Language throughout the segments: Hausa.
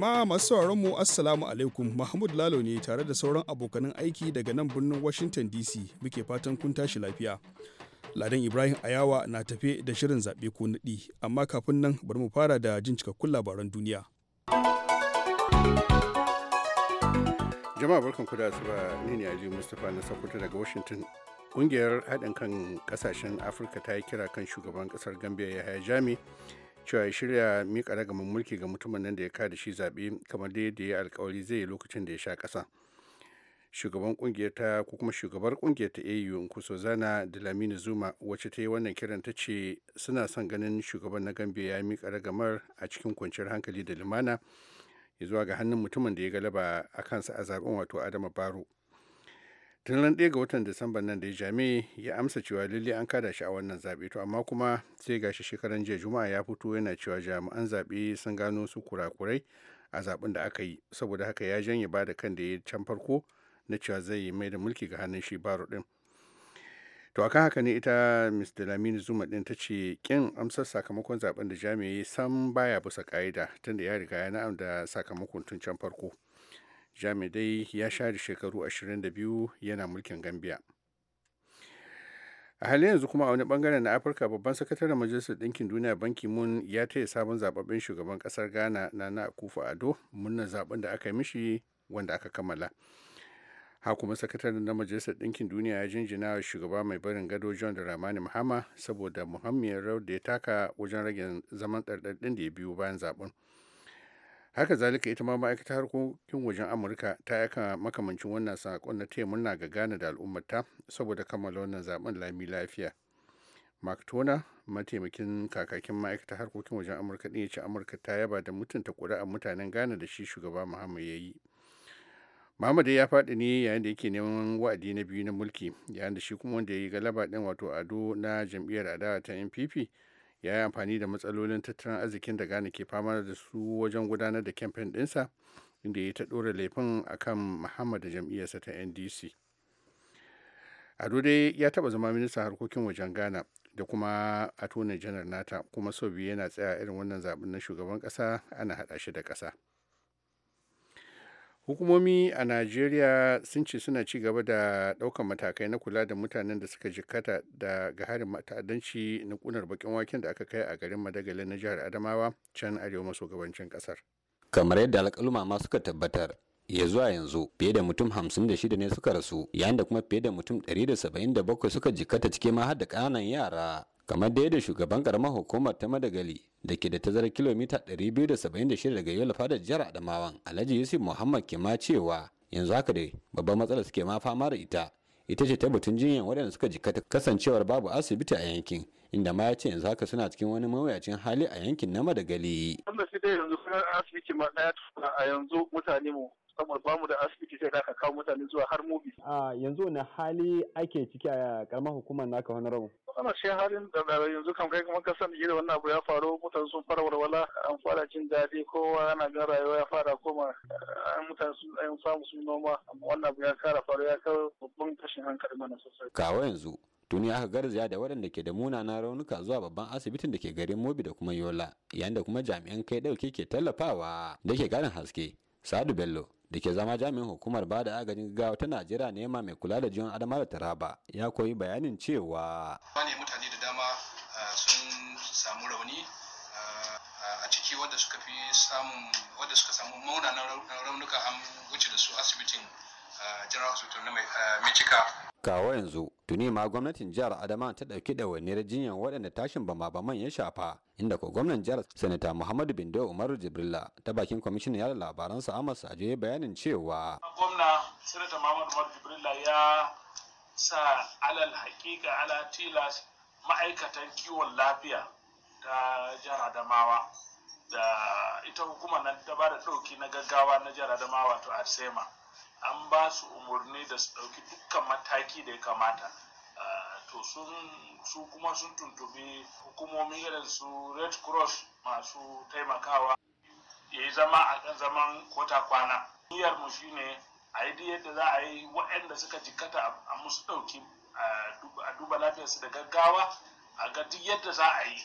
Jama'a masu sauraron mu Assalamu alaikum Mahmud Lalo ne tare da sauran abokanan aiki daga nan birnin Washington DC muke fatan kun tashi lafiya. Ladan Ibrahim Ayawa na tafe da shirin zaɓe ko naɗi amma kafin nan bari mu fara da jin cikakkun labaran duniya. Jama'a barkan ku da asuba ni ne Aliyu Mustapha na Sokoto daga Washington. Ƙungiyar haɗin kan ƙasashen Afirka ta yi kira kan shugaban ƙasar Gambia Yahaya Jami cewa ya shirya miƙa ragaman mulki ga mutumin nan da ya kada shi zaɓe kamar da yadda ya alkawari zai yi lokacin da ya sha ƙasa shugaban kungiyar ta ko kuma shugabar kungiyar ta AU Nkosazana Dlamini Zuma wacce ta yi wannan kiran ta ce suna son ganin shugaban na Gambia ya miƙa ragamar a cikin kwanciyar hankali da limana ya zuwa ga hannun mutumin da ya galaba a kansa a zaben wato Adama Baro tun ran ɗaya ga watan disamba nan da ya jami ya amsa cewa lalle an kada shi a wannan zaɓe to amma kuma sai gashi shekaran jiya juma'a ya fito yana cewa jami'an zaɓe sun gano su kurakurai a zaɓen da aka yi saboda haka ya janye ba da kan da ya can farko na cewa zai yi mai da mulki ga hannun shi baro ɗin to akan haka ne ita ms delamini zuma ɗin ta ce kin amsar sakamakon zaɓen da jami'ai sam baya bisa ƙa'ida tunda ya riga ya na'am da sakamakon tun can farko jami dai ya share shekaru 22 yana mulkin gambia a halin yanzu kuma a wani bangare na afirka babban sakataren majalisar ɗinkin duniya banki mun ya taya sabon zababin shugaban ƙasar ghana na akufa ado murnar zaben da aka yi mishi wanda aka kammala ha kuma sakataren na majalisar ɗinkin duniya ya jinjina shugaba mai barin gado john da ramani muhammad saboda muhammiyar rau da ya taka wajen rage zaman ɗarɗarɗin da ya biyo bayan zaben haka zalika ita ma ma'aikatar harkokin wajen amurka ta aika makamancin wannan sakon na taya murna ga ghana da al'ummata saboda kammala wannan zaben lami lafiya mark tona mataimakin kakakin ma'aikatar harkokin wajen amurka ɗin ya ce amurka ta yaba da mutunta ƙuri'ar mutanen ghana da shi shugaba muhammad ya yi Muhammad ya faɗi ne yayin da yake neman wa'adi na biyu na mulki yayin da shi kuma wanda ya yi galaba ɗin wato ado na jam'iyyar adawa ta NPP ya yi amfani da matsalolin tattalin arzikin da Ghana ke fama da su wajen gudanar da kamfen ɗinsa inda ya ta ɗora laifin akan Muhammad da jam'iyyarsa ta NDC. Ado dai ya taɓa zama ministan harkokin wajen Ghana da kuma a tona janar nata kuma sau biyu yana tsaya irin wannan zaɓen na shugaban ƙasa ana haɗa shi da ƙasa. hukumomi a najeriya sun ce suna ci gaba da ɗaukar matakai na kula da mutanen da suka jikkata ga harin ta'addanci na kunar bakin waken da aka kai a garin madagali na jihar adamawa can arewa maso gabancin kasar kamar yadda alƙaluma ma suka tabbatar ya zuwa yanzu fiye da mutum 56 ne suka rasu yayin da kuma fiye da mutum 177 suka jikkata cike ma har da ƙananan yara kamar da shugaban karamar hukumar ta madagali da ke da tazarar kilomita 276 daga yola fadar jihar adamawan alhaji yusuf muhammad ke ma cewa yanzu haka dai babban matsalar suke ma fama da ita ita ce ta batun jinyar waɗanda suka jikata kasancewar babu asibiti a yankin inda ma ya ce yanzu haka suna cikin wani mawuyacin hali a yankin na madagali. Wanda sai dai yanzu asibiti ma ɗaya a yanzu mutane mu saboda bamu da asibiti sai da aka kawo mutane zuwa har mobi. A yanzu wani hali ake ciki a karamar hukumar naka honorable? Ana shi halin da yanzu kan kai kamar kasan da wannan abu ya faru mutane sun fara walwala an fara jin daɗi kowa yana gan rayuwa ya fara koma eh, an mutane sun an samu sun noma amma wannan abu ya kara faru ya kawo babban tashin hankali mana sosai. Kawo yanzu tuni aka garzaya da waɗanda ke da munana raunuka zuwa babban asibitin da ke garin mobi da kuma yola yayin da kuma jami'an kai ɗauke ke tallafawa da ke garin haske sadu bello da ke zama jami'in hukumar ba da agajin gaggawa ta najeriya nema mai kula da jiyon adama da taraba ya koyi bayanin cewa ne mutane da dama ah, sun samu rauni ah, a ciki wadda suka fi samun wadda suka samu maunanan raunuka an wuce da su asibitin general hospital na michika kawo yanzu tuni ma gwamnatin jihar adama ta ɗauki ɗawainiyar jinyar waɗanda tashin bama baman ya shafa inda ko gwamnan jihar sanata muhammadu bindo umaru jibrila ta bakin kwamishinan yada labaransa ahmad sajo ya bayanin cewa gwamna sanata muhammadu umaru ya sa alal hakika ala tilas ma'aikatan kiwon lafiya ta jihar adamawa da ita hukumar nan ta ba da ɗauki na gaggawa na jihar adamawa to arsema an ba su umarni da su ɗauki dukkan mataki da ya kamata ah, to su kuma sun tuntubi hukumomin irin su red cross masu taimakawa ya yi zama a kan zaman kota kwana niyyar mu shine a yi yadda za a yi waɗanda suka jikata a musu ɗauki a duba lafiyarsu da gaggawa a ga duk yadda za a yi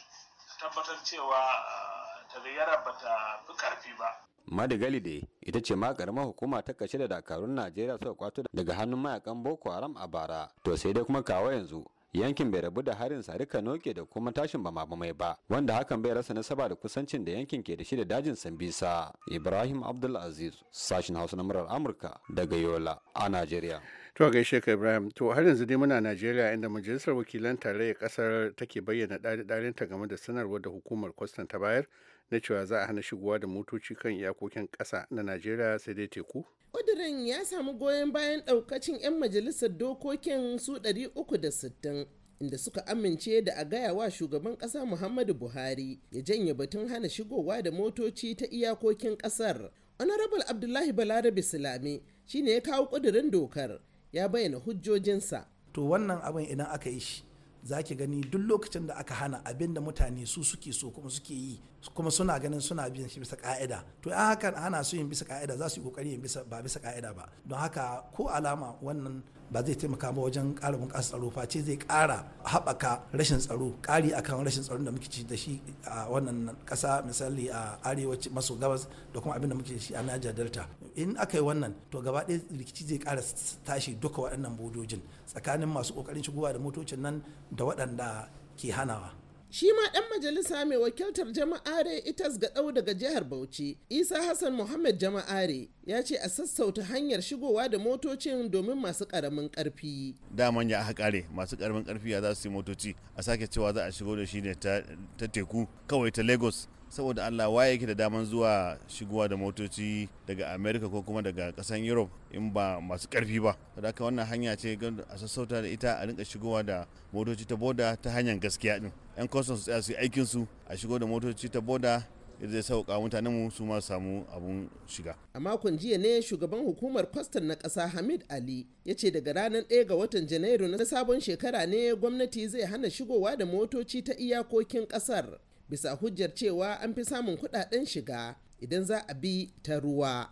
tabbatar cewa ah, yara bata fi ƙarfi ba madigali da ita ce ma karamar hukuma ta kashe da dakarun najeriya suka kwato daga hannun mayakan boko haram a bara to sai dai kuma kawo yanzu yankin bai rabu da harin sarika noke da kuma tashin bama mai ba wanda hakan bai rasa nasaba da kusancin da yankin ke da shi da dajin sambisa ibrahim abdulaziz sashin hausa na murar amurka daga yola a najeriya to gaishe ka ibrahim to har yanzu dai muna najeriya inda majalisar wakilan tarayyar kasar take bayyana ɗari ta game da sanarwar da hukumar kwastan ta bayar na cewa za a hana shigowa da motoci kan iyakokin ƙasa na najeriya sai dai teku ƙudurin ya samu goyon bayan ɗaukacin 'yan majalisar dokokin su 360 inda suka amince da a gaya wa shugaban ƙasa muhammadu buhari ya janye batun hana shigowa da motoci ta iyakokin ƙasar honorable abdullahi balarabe shi shine ya kawo ƙudurin dokar ya bayyana hujjojinsa to wannan abin idan aka yi shi za ki gani duk lokacin da aka hana abin da mutane su suke so kuma suke yi kuma suna ganin suna biyan shi bisa ka'ida to a haka ana so yin bisa ka'ida za su yi kokari yin bisa ba bisa ka'ida ba don haka ko alama wannan ba zai taimaka ba wajen ƙara bunƙasa tsaro face zai ƙara haɓaka rashin tsaro ƙari akan rashin tsaron da muke ci da shi a wannan ƙasa misali a arewaci maso gabas da kuma abin da muke shi a Niger Delta in aka yi wannan to gaba ɗaya rikici zai ƙara tashi duka waɗannan bodojin tsakanin masu ƙoƙarin shigowa da motocin nan da waɗanda ke hanawa Shi ma ɗan majalisa mai wakiltar jama'are itas ga ɗau daga jihar Bauchi, Isa Hassan Muhammad jama'are ya ce a sassauta hanyar shigowa da motocin domin masu ƙaramin ƙarfi. Da manya aka ƙare masu ƙaramin ƙarfi ya za su yi motoci a sake cewa za a shigo da shi ne ta teku kawai ta Lagos saboda allah waye yake da daman zuwa shigowa da motoci daga america ko kuma daga kasan europe in ba masu karfi ba Saboda wannan hanya ce a sassauta da ita a rinka shigowa da motoci ta boda ta hanyar gaskiya din yan kwastam su tsaya su yi aikinsu a shigo da motoci ta boda zai sauka mutanen mu su ma samu abun shiga. A makon jiya ne shugaban hukumar kwastan na ƙasa Hamid Ali ya ce daga ranar 1 ga watan Janairu na sabon shekara ne gwamnati zai hana shigowa da motoci ta iyakokin ƙasar. bisa hujjar cewa an fi samun kudaden shiga idan za a bi ta ruwa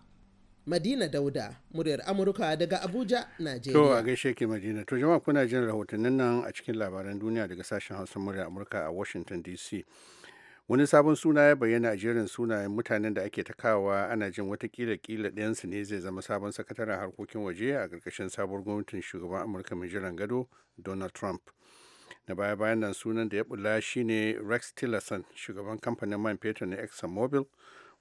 madina dauda muryar amurka daga abuja najeriya to a gaishe ke madina to jama'a kuna jin rahotannin nan a cikin labaran duniya daga sashen hausa muryar amurka a washington dc wani sabon suna ya bayyana a jerin sunayen mutanen da ake takawa ana jin wata kila ɗayansu ne zai zama sabon sakataren harkokin waje a karkashin sabuwar gwamnatin shugaban amurka mai jiran gado donald trump na baya bayan nan sunan da ya bula shi ne rex tillerson shugaban kamfanin man fetur na exxon mobil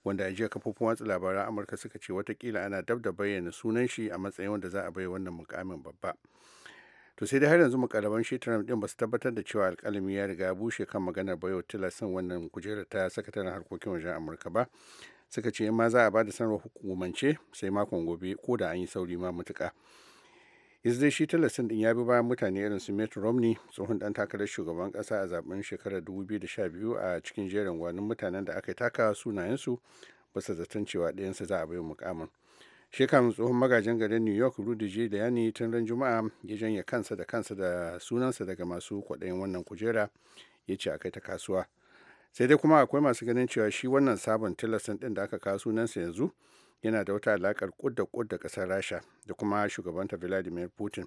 wanda ajiya jiya kafofin watsa labaran amurka suka ce watakila ana dab da bayyana sunan shi a matsayin wanda za a bai wannan mukamin babba to sai dai har yanzu mukalaban shi trump din basu tabbatar da cewa alkalami ya riga bushe kan maganar bayo tillerson wannan kujerar ta sakataren harkokin wajen amurka ba suka ce ma za a ba da sanarwar hukumance sai makon gobe ko da an yi sauri ma mutuka yanzu shi talasin din ya bi bayan mutane irin su mitt romney tsohon dan takarar shugaban kasa a zaben shekarar 2012 a cikin jerin gwanin mutanen da aka taka sunayensu ba su zaton cewa ɗayansa za a bai mukamin shekaru tsohon magajin garin new york rudy j da yani tun ran juma'a ya janye kansa da kansa da sunansa daga masu kwaɗayin wannan kujera ya ce a kai ta kasuwa sai dai kuma akwai masu ganin cewa shi wannan sabon tilastin ɗin da aka kawo sunansa yanzu yana da wata alakar kudda kudda kasar rasha da kuma shugabanta vladimir putin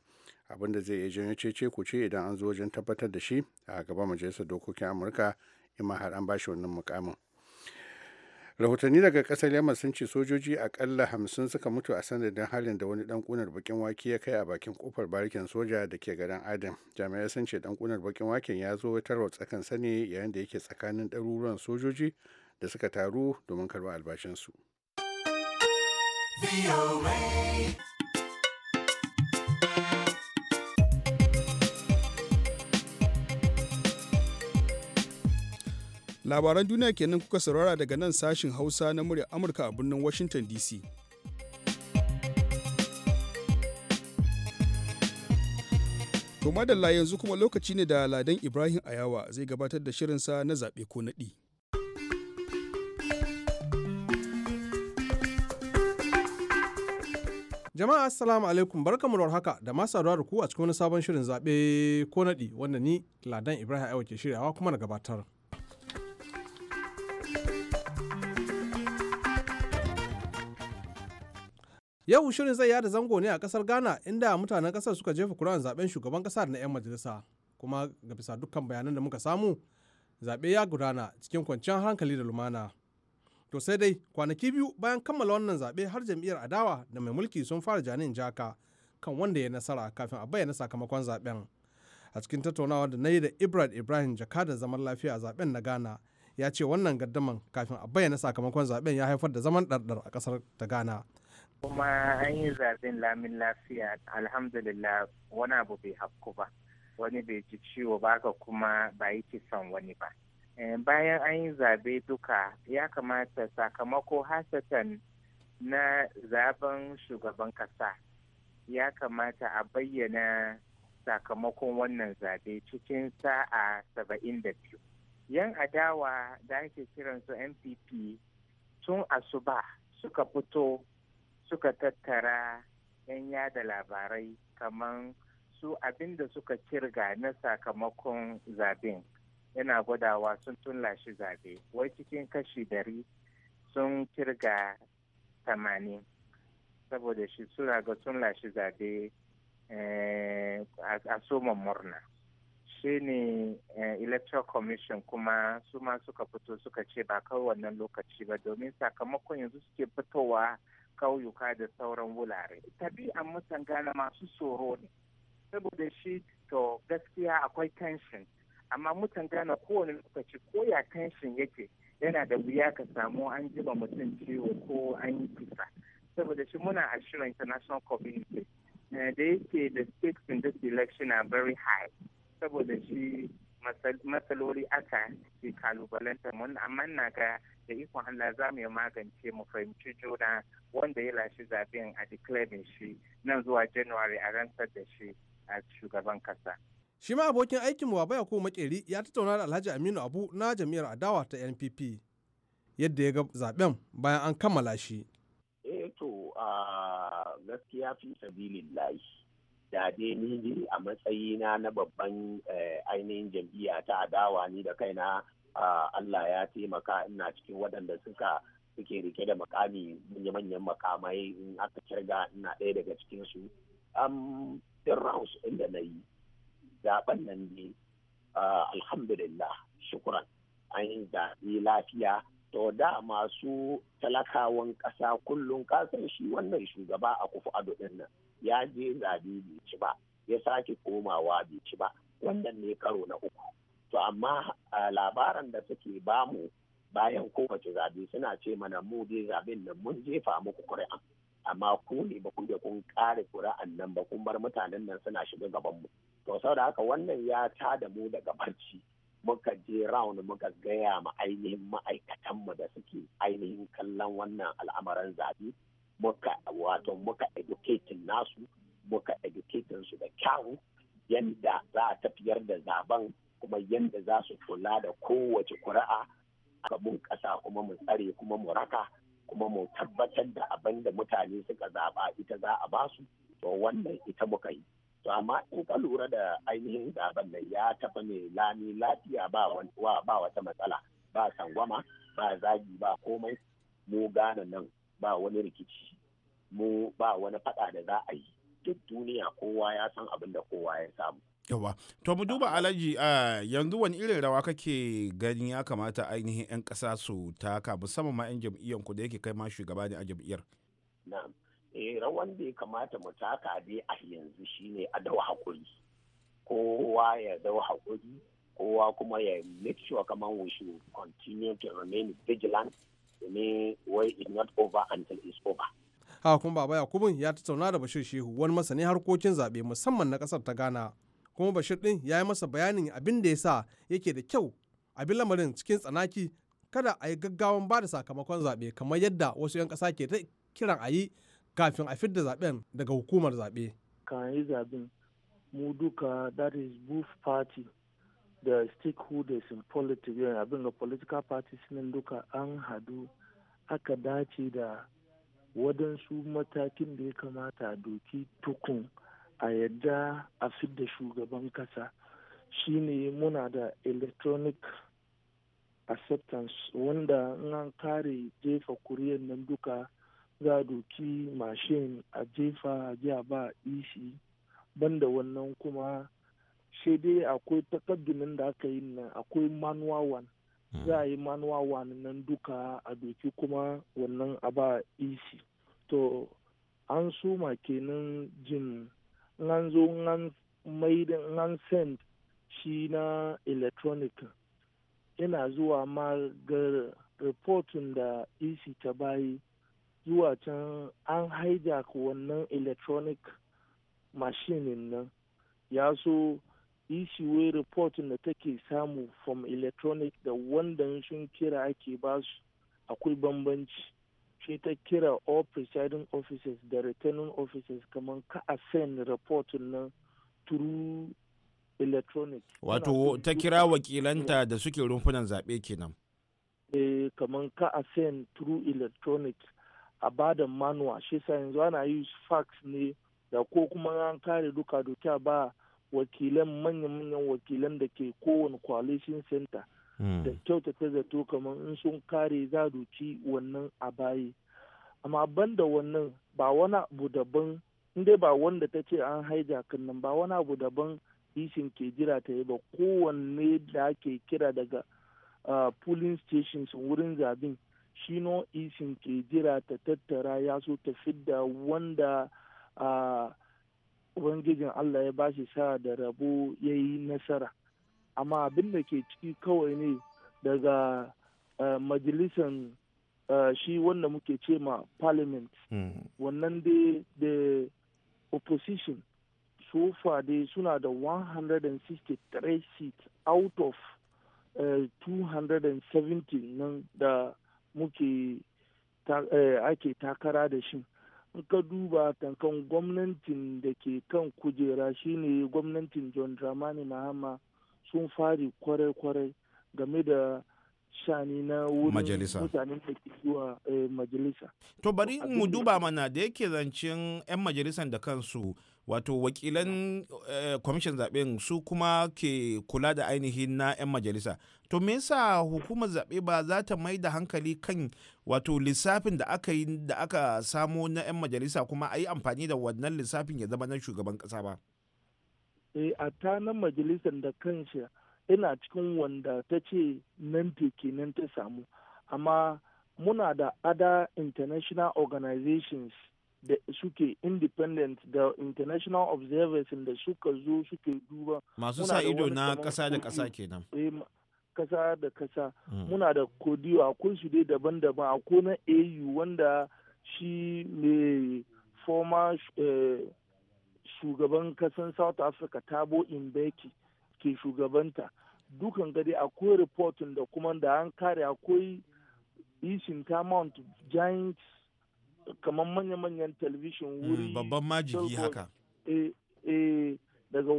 abinda zai iya janyo cece ku ce idan an zo wajen tabbatar da shi a gaban majalisar dokokin amurka in har an bashi wannan mukamin rahotanni daga kasar yamma sun ce sojoji akalla hamsin suka mutu a sanadin halin da wani dan kunar bakin wake ya kai a bakin kofar barikin soja da ke garin adam jami'ai sun ce dan kunar bakin waken ya zo rawar tsakan sani yayin da yake tsakanin ɗaruruwan sojoji da suka taru domin karɓar albashinsu Labaran duniya kenan kuka saurara daga nan sashin Hausa na murya Amurka a birnin Washington DC. To madalla yanzu kuma lokaci ne da Ladan Ibrahim Ayawa zai gabatar da shirinsa na zaɓe ko naɗi. Jama'a assalamu alaikum barkamu da haka da masu saduwa da ku a cikin wani sabon shirin zaɓe ko naɗi wanda ni Ladan Ibrahim Aiwa ke shiryawa kuma na gabatar. Yau shirin zai yada zango ne a kasar Ghana inda mutanen kasar suka jefa kuran zaben shugaban kasa da na 'yan majalisa. Kuma ga bisa dukkan bayanan da muka samu, zaɓe ya gudana cikin kwanciyar hankali da lumana. To sai dai kwanaki biyu bayan kammala wannan zaɓe har jam'iyyar adawa da mai mulki sun fara janin jaka kan wanda ya nasara kafin a bayyana sakamakon zaɓen. A cikin tattaunawar da na yi da Ibrahim Ibrahim da zaman lafiya a zaɓen na Ghana ya ce wannan gaddaman kafin a bayyana sakamakon zaɓen ya haifar da zaman ɗarɗar a ƙasar ta Ghana. Kuma an yi zaɓen lamin lafiya alhamdulillah wani abu bai hafku ba wani bai ci ciwo ba kuma ba yi kisan wani ba. Eh, bayan an yi zabe duka ya kamata sakamako hasatan na zaben shugaban kasa ya kamata a bayyana sakamakon wannan zabe cikin sa'a saba'in da biyu yan adawa da ake kiransu npp tun asuba suka fito suka tattara 'yan yada labarai kamar su abinda suka kirga na sakamakon zaben yana gwadawa sun tunla zabe wai cikin kashi dari sun kirga tamanin saboda shi suna ga tunla zabe eh, a soma murna shi ne eh, electoral commission kuma su ma suka fito suka ce ba kawai wannan lokaci ba domin sakamakon yanzu suke fitowa kauyuka da sauran wulare tabi'an mutan gane masu tsoro ne saboda shi to gaskiya akwai tension amma mutan gane kowane lokaci ko ya tension yake yana da wuya ka samu an jiba mutum ciwo ko an yi kusa saboda shi muna a shirin international community eh, da yake da stakes in this election are very high saboda shi matsaloli aka ke kalubalanta mun amma na ga da ikon Allah za mu magance mu fahimci juna wanda ya lashe zaben a declaring shi nan zuwa january a rantsar da shi a shugaban kasa. Shi ma abokin aikin mu baya ko Makeri ya tattauna da Alhaji Aminu Abu na jami'ar adawa ta NPP yadda ya ga zaben bayan an kammala shi. Eh to a gaskiya fi sabilin layi. Da dai ni a matsayina na babban eh, ainihin jam'iyya ta adawa ni da kai kaina Allah ya taimaka ina cikin wadanda suka suke rike da makami manyan makamai in aka kirga ina ɗaya daga cikinsu. Um, rounds inda na yi zaben nan ne alhamdulillah shukuran an yi zaɓe lafiya to da masu talakawan ƙasa kullum kasan shi wannan shugaba a kufu ado ɗin nan ya je zaɓe bai ci ba ya sake komawa bai ci ba wannan ne karo na uku to amma labaran da suke bamu bayan kowace zaɓe suna ce mana mu dai zaɓen nan mun jefa muku ƙuri'an amma ku ne ba ku kun ƙare ƙuri'an nan ba kun bar mutanen nan suna shiga gaban mu to saboda haka wannan ya ta da mu daga barci muka je round muka gaya ma ainihin ma'aikatanmu da suke ainihin kallon wannan al'amarin zabi muka wato muka educating nasu muka educating su da kyawu yadda za a tafiyar da zaben kuma yadda za su kula da kowace kuri'a a mun ƙasa kuma mu tsare kuma mu raka kuma mu tabbatar da abinda mutane suka zaɓa ita za a basu to wannan ita muka yi to amma in ka lura da ainihin zaben nan ya tafi mai lami lafiya ba wata matsala ba sangwama ba zagi ba komai mu gane nan ba wani rikici mu ba wani fada da za a yi duk duniya kowa ya san abin da kowa ya samu yawa to mu duba alaji yanzu wani irin rawa kake gani ya kamata ainihin 'yan kasa su taka musamman ma 'yan jam'iyyar ku da yake kai ma shugaba ne a jam'iyyar na'am eh wanda ya kamata mu taka dai a yanzu shine a dau hakuri kowa ya dau hakuri kowa kuma ya make sure kamar we should continue to remain vigilant domin why is not over until it's over haka kuma baba yakubun ya tattauna da bashir shehu wani masani harkokin zabe musamman na kasar ta ghana kuma bashir ɗin ya yi masa bayanin abin da ya sa yake da kyau a bi lamarin cikin tsanaki kada a yi gaggawan ba da sakamakon zaɓe kamar yadda wasu 'yan ƙasa ke ta kiran a yi kafin a fidda zaben daga hukumar zaɓe. Kan yi zaben mu duka that is both party da stakeholders in politics eh, abin ga political parties nan duka an hadu aka dace da waɗansu matakin da ya kamata a doki tukun a yadda a fidda shugaban ƙasa shine muna da electronic acceptance wanda in an kare jefa kuriyar nan duka za a doki mashin a jefa a je a ba ishi banda wannan kuma sai dai akwai takaddunan da aka yi nan akwai manuwa wan za a yi manuwa wan nan duka a doki kuma wannan a ba ishi to an ma kenan jin an zo an mai da send shi na electronic yana zuwa ma ga reportin da ishi e ta bayi zuwa can an haida wannan electronic machine nan ya so ishiwe report da take samu from electronic da wanda sun kira ake ba su akwai bambanci shi ta kira all presiding officers da returning officers kamar ka a send report nan through electronic wato ta kira wakilanta da suke rumfunan zaɓe kenan eh kaman ka a send through electronic a bada manuwa shi sa yanzu ana yi fax ne da ko kuma an kare duka doka ba wakilan manya-manyan wakilan da ke kowane coalition center hmm. da kyautata zato kamar in sun kare za doki wannan a bayi amma banda wannan ba wani abu daban dai ba wanda ta ce an haija nan ba wani abu daban ishin ke jira ta yi ba kowanne da ake kira daga ah, polling stations wurin zabin shi isin ke jira ta tattara ya so ta fidda wanda a ubangijin allah ya bashi sa da rabo ya yi nasara amma abin da ke ciki kawai ne daga majalisan shi wanda muke ce ma parliament hmm. wannan dai da opposition so far dai suna da 163 seats out of 270 eh, nan da muke eh, ake takara da shi ka duba tankan gwamnatin da ke kan kujera shine gwamnatin john dramani mahama sun fari kwarai-kwarai game da shani na wurin mutanen da ke zuwa eh, majalisa to bari mu duba mana da yake zancen 'yan majalisar da kansu wato wakilan eh, kwamishin zaɓen su kuma ke kula da ainihin na 'yan majalisa to me yasa hukumar zaɓe ba za ta mai da hankali kan wato lissafin da aka yi da aka samo na 'yan majalisa kuma a yi amfani da wannan lissafin ya zama na shugaban ƙasa ba eh a ta nan majalisar da kanshi ina cikin wanda ta ce nan nan ta samu amma muna da other international organizations da suke independent da international observers da suka zo suke duba masu sa ido na kasa da kasa kenan kasa eh, da kasa hmm. muna da kodiyo akwai su dai daban-daban akwai na au wanda shi mai former eh, shugaban kasan south africa tabo beki ke shugabanta dukan gari akwai reporting da kuma da an kare akwai ishin mount giants kamar manya-manyan talibishin mm, wuri babban majigi haka e daga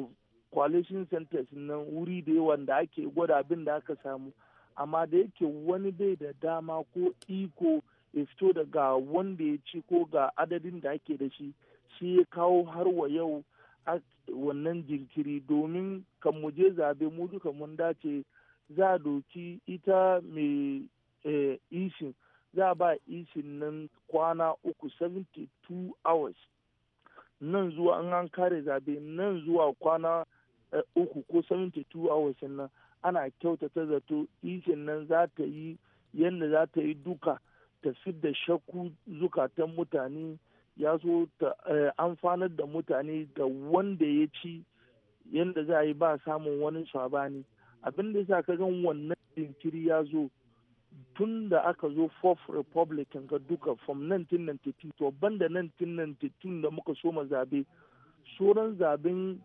coalition centers nan wuri da yawan da ake gwada abin da aka samu amma da yake wani bai da dama ko iko ya fito daga wanda ya ci ko ga adadin da ake da shi shi ya kawo har wa yau wannan jinkiri domin kan mu je zabe mu duka mun dace za doki ita mai eh, ishin za ba isin nan kwana uku 72 hours nan zuwa an an kare zabe nan zuwa kwana eh, uku ko 72 hours nan ana kyautata zato isin nan za ta yi yadda za ta yi duka ta da shakku zukatan mutane ya so ta eh, amfanar da mutane da wanda ya ci yadda za a yi ba samun wani sabani abin da sa ka gan wannan jinkiri ya zo tun da aka zo fourth republican ga duka from 1992 to banda 1992 da muka soma zabe sauran zaben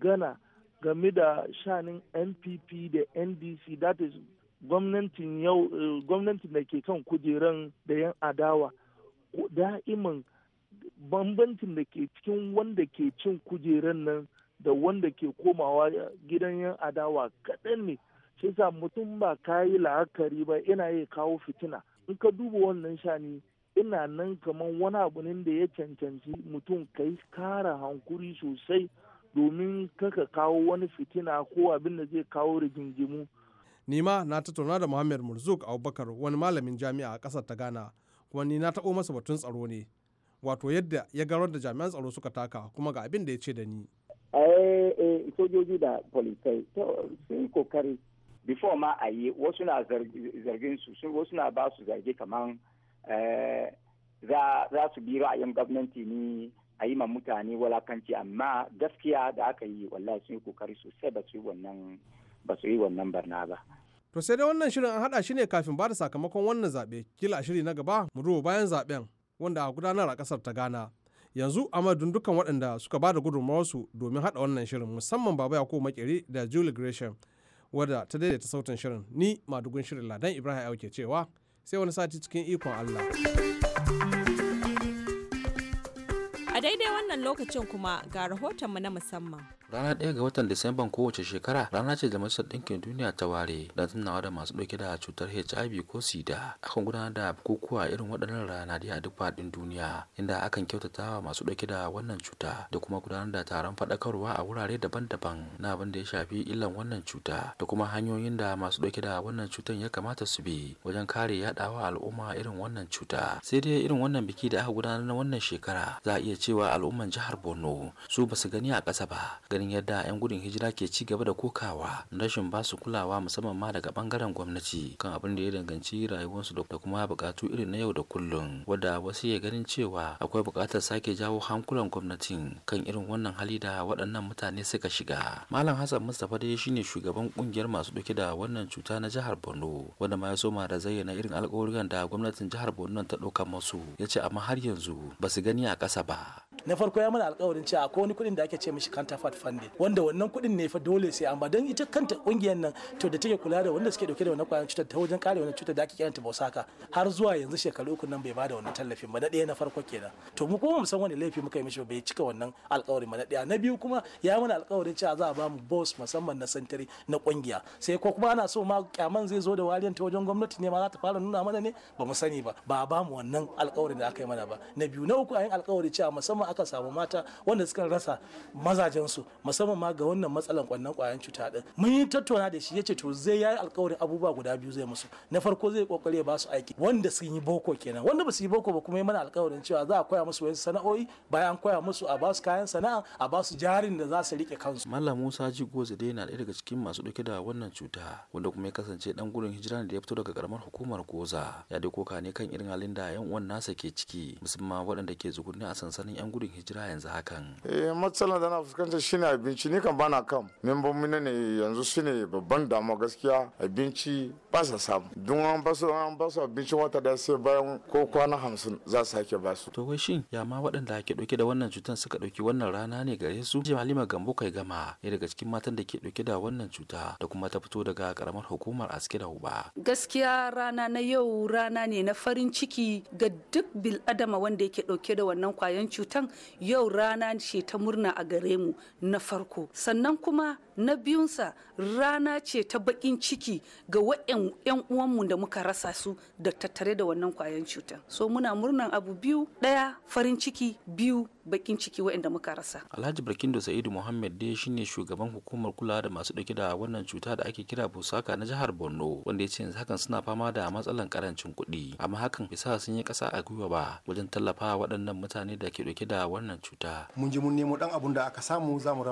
gana game da shanin npp da ndc that is eh, gwamnatin da ke kan kujeran da yan adawa da'iman bambancin da ke cikin wanda ke cin kujeran nan da wanda ke komawa gidan yan adawa kaɗan ne shi sa mutum ba ka yi la'akari ba ina iya kawo fitina in ka duba wannan shani ina nan kamar wani abu ne da ya cancanci mutum ka yi kara hankuri sosai domin kaka kawo wani fitina ko abin da zai kawo rigingimu. nima na tattauna da muhammad murzuk abubakar wani malamin jami'a a kasar ta ghana kuma ni na taɓo masa batun tsaro ne wato yadda ya garar da jami'an tsaro suka taka kuma ga abin da ya ce da ni. Eh, sojoji da polisai sun kokari before ma a yi wasu na zargin su wasu na ba su zargi kaman eh, za su bi ra'ayin gwamnati ne a yi ma mutane walakanci amma gaskiya da aka yi wallahi sun yi kokari sosai ba su yi wannan ba su yi wannan barna ba. To sai dai wannan shirin an haɗa shi ne kafin ba da sakamakon wannan zaɓe kila shiri na gaba mu duba bayan zaɓen wanda a gudanar a kasar ta gana Yanzu a madadin waɗanda suka ba da su domin haɗa wannan shirin musamman Baba Yakubu makere da Julie Gresham wadda ta daidaita sautin shirin ni madugun shirin ladan ibrahim ke cewa sai wani sati cikin ikon allah daidai wannan lokacin kuma ga rahoton rahotonmu na musamman. Rana ɗaya ga watan Disamban kowace shekara rana ce da Majalisar Ɗinkin Duniya ta ware don tunawa da masu ɗauke da cutar HIV ko SIDA. Akan gudanar da bukukuwa irin waɗannan rana a duk faɗin duniya inda akan kyautata wa masu ɗauke da wannan cuta da kuma gudanar da taron faɗakarwa a wurare daban-daban na abin da ya shafi illan wannan cuta da kuma hanyoyin da masu ɗauke da wannan cutar ya kamata su bi wajen kare yaɗawa al'umma irin wannan cuta. Sai dai irin wannan biki da aka gudanar na wannan shekara za a iya cewa cewa al'umman jihar borno su ba su gani a ƙasa ba ganin yadda 'yan gudun hijira ke ci gaba da kokawa rashin ba su kulawa musamman ma daga bangaren gwamnati kan abin da ya danganci rayuwarsu da kuma buƙatu irin na yau da kullum wadda wasu ya ganin cewa akwai buƙatar sake jawo hankulan gwamnatin kan irin wannan hali da waɗannan mutane suka shiga malam hassan mustapha dai shine shugaban ƙungiyar masu ɗauke da wannan cuta na jihar borno wanda ma ya soma da zayyana irin alƙawuran da gwamnatin jihar borno ta ɗauka masu ya ce amma har yanzu ba su gani a ƙasa ba na farko ya mana alkawarin cewa akwai wani kuɗin da ake ce mishi counterpart funding wanda wannan kuɗin ne fa dole sai amma don ita kanta ƙungiyar nan to da take kula da wanda suke dauke da wannan ƙwayar cutar ta wajen kare wannan cutar da ake kiranta bosaka har zuwa yanzu shekaru uku nan bai ba da wannan tallafin ba na ɗaya na farko kenan to mu kuma mu san wani laifi muka yi mishi bai cika wannan alkawarin ba na ɗaya na biyu kuma ya mana alkawarin cewa za a ba mu boss musamman na santiri na ƙungiya sai ko kuma ana so ma kyaman zai zo da wariyan ta wajen gwamnati ne ma za ta fara nuna mana ne ba mu sani ba ba ba mu wannan alkawarin da aka yi mana ba na biyu na uku a yin alkawari cewa musamman aka samu mata wanda suka rasa mazajensu musamman ma ga wannan matsalan kwannan kwayan cuta din mun yi tattauna da shi yace to zai yi alkawarin abubuwa guda biyu zai musu na farko zai kokari ya ba su aiki wanda sun yi boko kenan wanda ba su yi boko ba kuma mana alkawarin cewa za a koya musu wasu sana'o'i bayan koya musu a ba su kayan sana'a a ba su jarin da za su rike kansu mallam Musa Jigo Zade na ɗaya daga cikin masu dauke da wannan cuta wanda kuma ya kasance dan gudun hijira da ya fito daga karamar hukumar Goza ya dai koka ne kan irin halin da yan uwan nasa ke ciki musamman waɗanda ke zugunne a sansanin 'yan gudun hijira yanzu hakan eh matsalar da na fuskanta shine abinci ni kan bana kan membobin ne yanzu shine babban damuwa gaskiya abinci ba sa samu don an ba an ba su abincin wata da sai bayan ko kwana hamsin za su sake ba su. to wai shin ya ma waɗanda ake ɗauke da wannan cutar suka ɗauki wannan rana ne gare su jima halima gambo kai gama ne daga cikin matan da ke ɗauke da wannan cuta da kuma ta fito daga karamar hukumar aske da huba. gaskiya rana na yau rana ne na farin ciki ga duk bil adama wanda yake ɗauke da wannan kwayan cutan yau rana ce ta murna a gare mu na farko sannan kuma na biyunsa rana ce ta bakin ciki ga wa'yan uwanmu da muka rasa su da tattare da wannan kwayan cutar so muna murnan abu biyu daya farin ciki biyu bakin ciki waɗanda muka rasa. Alhaji Barkindo Sa'idu Muhammad dai shine shugaban hukumar kula da masu dauke da wannan cuta da ake kira Busaka na jihar Borno wanda ya ce yanzu hakan suna fama da matsalan karancin kuɗi amma hakan bisa sun yi ƙasa a gwiwa ba wajen tallafa waɗannan mutane da ke dauke da wannan cuta. Mun je mun nemo ɗan abun da aka samu za mu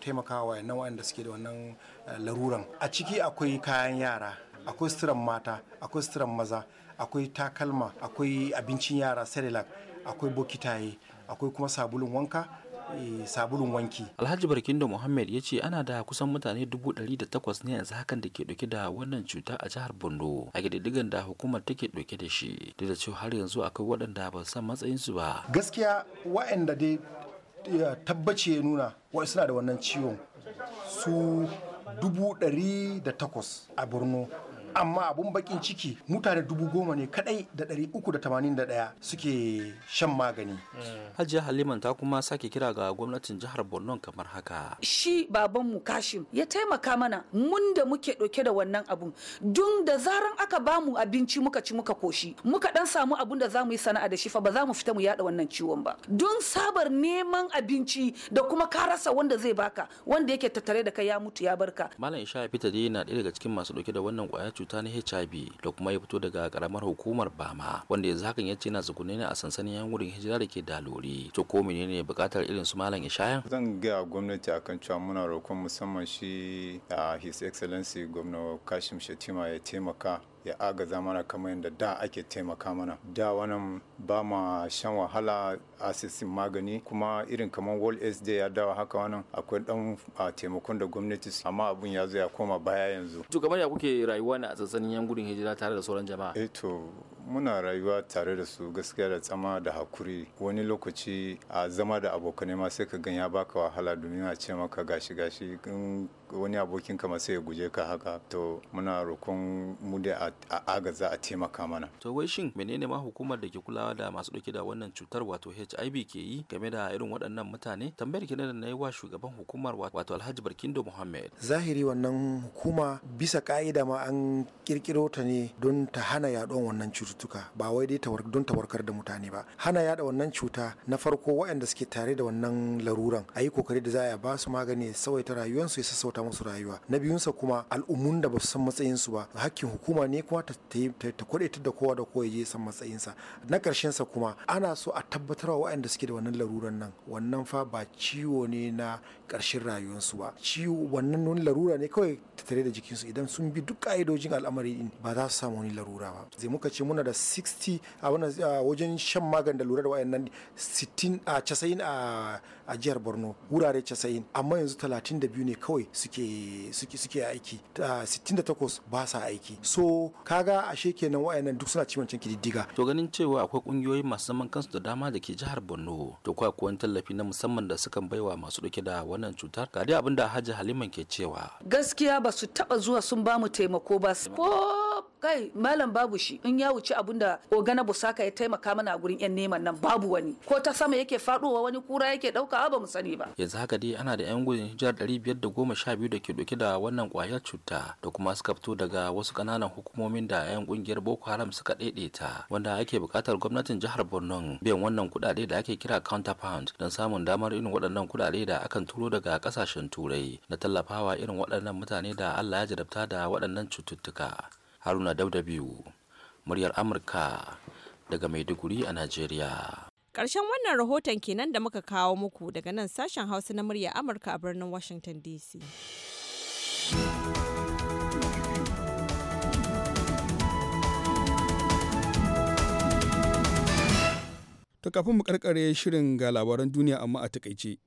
taimaka wa wayannan da suke da wannan eh, laruran. A ciki akwai kayan yara, akwai suturan mata, akwai suturan maza, akwai takalma, akwai abincin yara, Cerelac, akwai bokitaye, akwai kuma sabulun wanka eh, sabulun wanki. Alhaji Barkindo Muhammad ya ce ana da kusan mutane dubu ɗari da takwas ne yanzu hakan da ke ɗauke da wannan cuta a jihar Borno a ƙididdigan da hukumar take ɗauke da shi duk da cewa har yanzu akwai waɗanda ba san matsayinsu ba. Gaskiya waɗanda dai tabbaci ya nuna waɗanda suna da wannan ciwon su dubu ɗari da takwas a Borno amma abun bakin ciki mutane dubu goma ne kadai da ɗari uku da tamanin da ɗaya suke shan magani. Mm. Hajiya Haliman ta kuma sake kira ga gwamnatin jihar Borno kamar haka. Shi babanmu Kashim ya taimaka mana mun da muke ɗauke da wannan abun dun da zaran aka bamu abinci muka ci muka koshi muka dan samu abun da zamu yi sana'a da shi fa ba za mu fita mu yada wannan ciwon ba don sabar neman abinci da kuma karasa wanda zai baka wanda yake tattare da kai ya mutu ya barka. Malam Isha Fita dai na ɗaya daga cikin masu ɗauke da wannan ƙwayar cuta na hiv da kuma ya fito daga karamar hukumar bama wanda yanzu hakan ya ce na tsugune ne a sansanin yan wurin hijira da ke daluri to ko ne bukatar irin su malam ishayan zan ga gwamnati akan cewa muna roƙon musamman shi ah, his excellency gwamna kashim shetima ya taimaka ya agaza mana kamar yadda da ake taimaka mana da wannan ba ma shan wahala asisin magani kuma irin kamar world aids day ya dawa haka wannan akwai dan taimakon da gwamnati su. amma abun ya zo ya koma baya yanzu to kamar ya kuke rayuwa ne a tsatsanin yan gudun hijira tare da sauran jama'a eh to muna rayuwa tare da su gaskiya da tsama da hakuri wani lokaci a zama da abokanai ma sai ka gan ya baka wahala domin a ce maka gashi gashi wani abokin kama sai ya guje ka haka to muna roƙon mu da a agaza a taimaka mana to wai shin menene ma hukumar da ke kulawa da masu dauke da wannan cutar wato HIV ke yi game da irin waɗannan mutane tambayar ki da nayi wa shugaban hukumar wato Alhaji Barkindo Muhammad zahiri wannan hukuma bisa ka'ida ma an kirkiro ta ne don ta hana yaɗuwar wannan cututtuka ba wai dai don ta warkar da mutane ba hana yaɗa wannan cuta na farko waɗanda suke tare da wannan laruran a yi kokari da za a ba su magani ta tsawaita rayuwarsu ya sassauta musu rayuwa na biyunsa kuma al'ummun da ba su san matsayinsu ba hakkin hukuma ne kuma ta ta da kowa da kowa ya san matsayinsa na sa kuma ana so a tabbatar wa waɗanda suke da wannan laruran nan wannan fa ba ciwo ne na ƙarshen rayuwarsu ba ciwo wannan wani larura ne kawai tare da jikinsu idan sun bi duk ka'idojin al'amari din ba za su samu wani larura ba zai muka ce muna da 60 a wajen shan magani da lura da wayannan 60 a 90 a jihar borno wurare 90 amma yanzu 32 ne kawai su suke suke suke aiki ta 68 ba sa aiki so kaga ashe kenan wayannan duk suna ciwon kididdiga to ganin cewa akwai kungiyoyi masu zaman kansu da dama da ke jihar Borno to kwa kuwan tallafi na musamman da sukan baiwa masu dauke da wannan cutar ga dai abin da Hajji Haliman ke cewa gaskiya ba su taba zuwa sun ba mu taimako ba ko kai malam babu shi in ya wuce abun da ogana busaka ya taimaka mana a gurin yan neman nan babu wani ko ta sama yake faduwa wani kura yake dauka ba mu sani ba yanzu haka dai ana da yan gudun hijirar ɗari biyar da goma sha biyu da ke dauke da wannan kwayar cuta da kuma suka fito daga wasu kananan hukumomin da yan kungiyar boko haram suka daidaita wanda ake buƙatar gwamnatin jihar borno biyan wannan kuɗaɗe da ake kira counterpound don samun damar irin waɗannan kuɗaɗe da akan turo daga kasashen turai na tallafawa irin waɗannan mutane da allah ya jarabta da waɗannan cututtuka haruna dauda biyu muryar amurka daga maiduguri a nigeria. Ƙarshen wannan rahoton kenan da muka kawo muku daga nan sashen Hausa na murya Amurka a birnin Washington DC. ta kafin mu karkare shirin ga labaran duniya amma a takaice.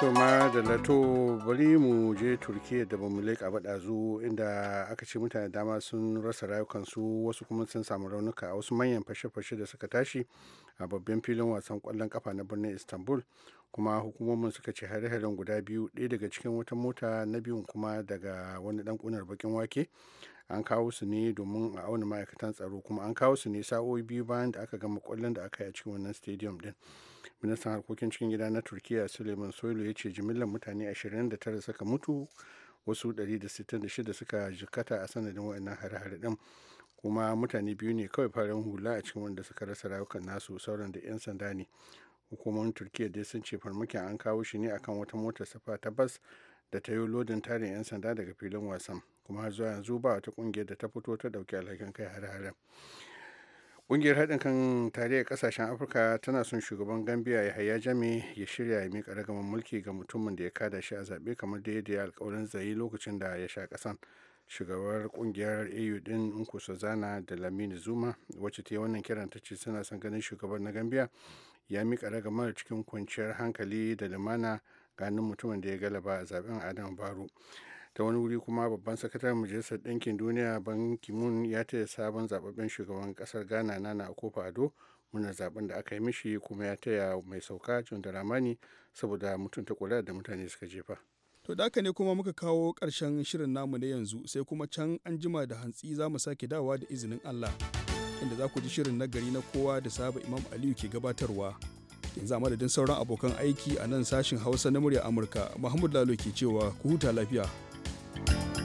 kuma da lato bari mu je turkiyya da bamu leƙa ba zu inda aka ce mutane dama sun rasa rayukansu wasu kuma sun samu raunuka a wasu manyan fashe-fashe da suka tashi a babban filin wasan kwallon kafa na birnin istanbul kuma hukumomin suka ce hare-haren guda biyu ɗaya daga cikin wata mota na biyun kuma daga wani ɗan ƙunar bakin wake an kawo su ne domin a auna ma'aikatan tsaro kuma an kawo su ne sa'o'i biyu bayan da aka gama kwallon da aka yi a cikin wannan stadium din ministan harkokin cikin gida na turkiya suleiman soilu ya ce jimillar mutane 29 suka mutu wasu 166 suka jikata a sanadin wa'annan hare-hare din kuma mutane biyu ne kawai farin hula a cikin wanda suka rasa rayukan nasu sauran da 'yan sanda ne hukumomin turkiya dai sun ce farmakin an kawo shi ne akan wata motar safa ta bas da ta yi lodin tarin 'yan sanda daga filin wasan kuma har zuwa yanzu ba wata kungiyar da ta fito ta dauki alhakin kai hare-haren Ƙungiyar haɗin kan tarayyar ƙasashen Afirka tana son shugaban Gambia ya haya jami ya shirya ya miƙa ragaman mulki ga mutumin da ya kada shi a zaɓe kamar da ya alƙawarin zai lokacin da ya sha ƙasan. Shugabar ƙungiyar AU ɗin Nku zana da Lamini Zuma wacce ta yi wannan kiran ta ce suna son ganin shugaban na Gambia ya miƙa ragamar cikin kwanciyar hankali da lumana ganin mutumin da ya galaba a zaɓen Adam Baro. ta wani wuri kuma babban sakataren majalisar ɗinkin duniya ban kimun ya taya sabon zababben shugaban ƙasar ghana nana akufo ado muna zaben da aka yi mishi kuma ya taya mai sauka john ramani saboda mutunta kula da mutane suka jefa to da haka ne kuma muka kawo ƙarshen shirin namu na yanzu sai kuma can an jima da hantsi za mu sake dawa da izinin allah inda za ku ji shirin na gari na kowa da saba imam aliyu ke gabatarwa yanzu a madadin sauran abokan aiki a nan sashin hausa na murya amurka mahmud lalo ke cewa ku huta lafiya you.